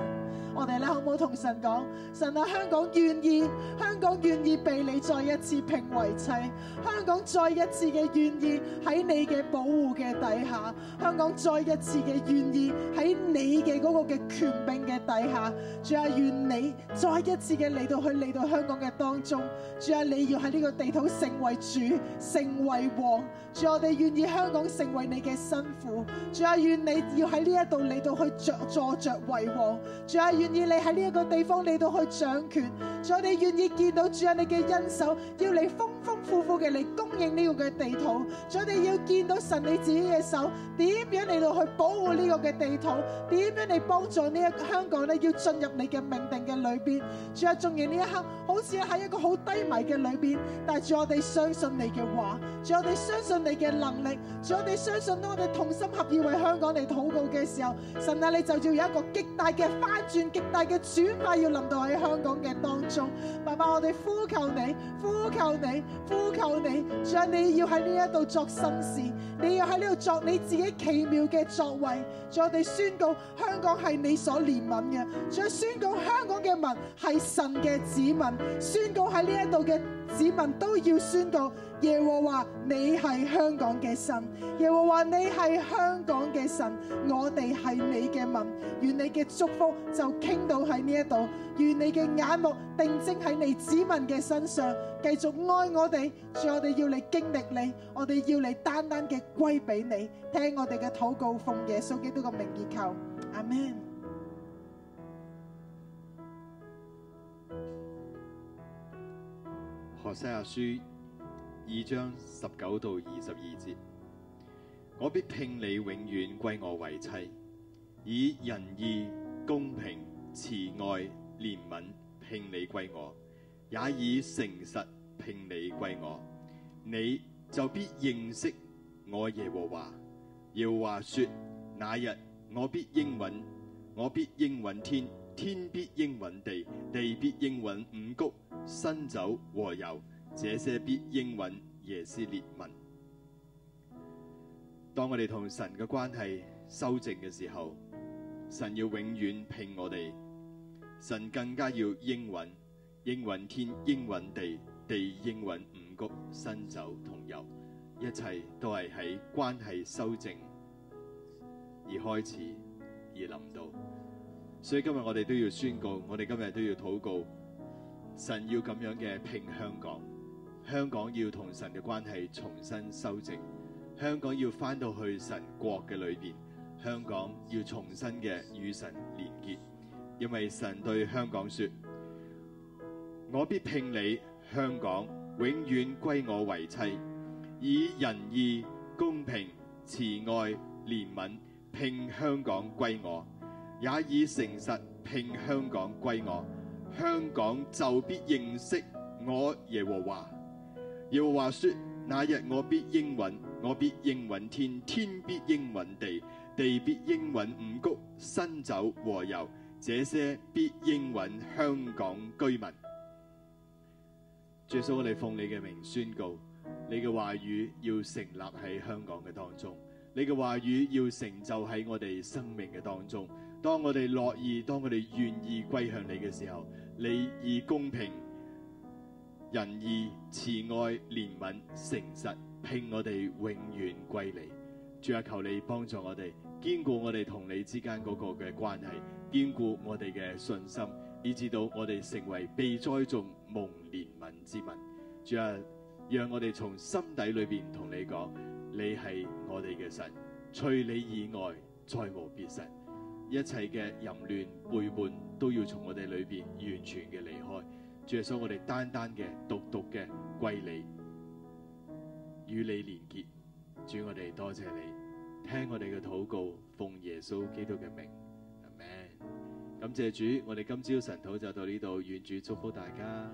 我哋咧好唔好同神講，神啊，香港願意，香港願意被你再一次聘為妻。香港再一次嘅願意喺你嘅保護嘅底下，香港再一次嘅願意喺你嘅嗰個嘅權柄嘅底下。仲有，願你再一次嘅嚟到去嚟到香港嘅當中。仲有，你要喺呢個地土成為主。成為王，主，我哋願意香港成為你嘅新婦，仲有願意你要喺呢一度嚟到去着坐著為王，主啊，願意你喺呢一個地方嚟到去掌權，仲有你願意見到主啊，你嘅恩手要你豐豐富富嘅嚟供應呢個嘅地土，仲有你要見到神你自己嘅手點樣嚟到去保護呢個嘅地土，點樣嚟幫助呢一個香港呢，要進入你嘅命定嘅裏邊，仲有縱然呢一刻好似喺一個好低迷嘅裏邊，但係主我哋相信你嘅話，仲有我哋相信你嘅能力，仲有我哋相信當我哋同心合意為香港嚟禱告嘅時候，神啊，你就要有一個極大嘅翻轉、極大嘅轉化要臨到喺香港嘅當中。爸爸，我哋呼求你，呼求你，呼求你！仲有你要喺呢一度作新事，你要喺呢度作你自己奇妙嘅作為。仲有我哋宣告香港係你所憐憫嘅，仲有宣告香港嘅民係神嘅子民，宣告喺呢一度嘅子民都要宣告。耶和華，你係香港嘅神。耶和華，你係香港嘅神。我哋係你嘅民，願你嘅祝福就傾倒喺呢一度，願你嘅眼目定睛喺你子民嘅身上，繼續愛我哋。最後，我哋要你經歷你，我哋要你單單嘅歸俾你。聽我哋嘅禱告，奉耶穌基督嘅名而求，阿門。何西阿書。二章十九到二十二節，我必聘你永遠歸我為妻，以仁義、公平、慈愛、憐憫聘你歸我，也以誠實聘你歸我。你就必認識我耶和華。耶和華說那日我必應允，我必應允天，天必應允地，地必應允五穀、新酒和油。這些必應允耶斯列民。當我哋同神嘅關係修正嘅時候，神要永遠聘我哋，神更加要應允，應允天，應允地，地應允五穀、新酒同油，一切都係喺關係修正而開始而臨到。所以今日我哋都要宣告，我哋今日都要禱告，神要咁樣嘅聘香港。香港要同神嘅關係重新修正，香港要翻到去神國嘅裏邊，香港要重新嘅與神連結，因為神對香港說：我必聘你，香港永遠歸我為妻，以仁義、公平、慈愛、憐憫聘香港歸我，也以誠實聘香港歸我。香港就必認識我耶和華。要話説，那日我必應允，我必應允天，天必應允地，地必應允五穀、新酒和油，這些必應允香港居民。主耶穌， [noise] 我哋奉你嘅名宣告，你嘅話語要成立喺香港嘅當中，你嘅話語要成就喺我哋生命嘅當中。當我哋樂意，當我哋願意歸向你嘅時候，你以公平，仁義慈愛憐憫誠實，聘我哋永遠歸你。主啊，求你幫助我哋，堅固我哋同你之間嗰個嘅關係，堅固我哋嘅信心，以致到我哋成為被栽種蒙憐憫之民。主啊，讓我哋從心底裏邊同你講，你係我哋嘅神，除你以外再無別神，一切嘅淫亂背叛都要從我哋裏邊完全嘅離開。主耶穌，我哋單單嘅、獨獨嘅歸你，與你連結。主，我哋多謝你，聽我哋嘅禱告，奉耶穌基督嘅名。Amen。感謝主，我哋今朝晨禱就到呢度，願主祝福大家。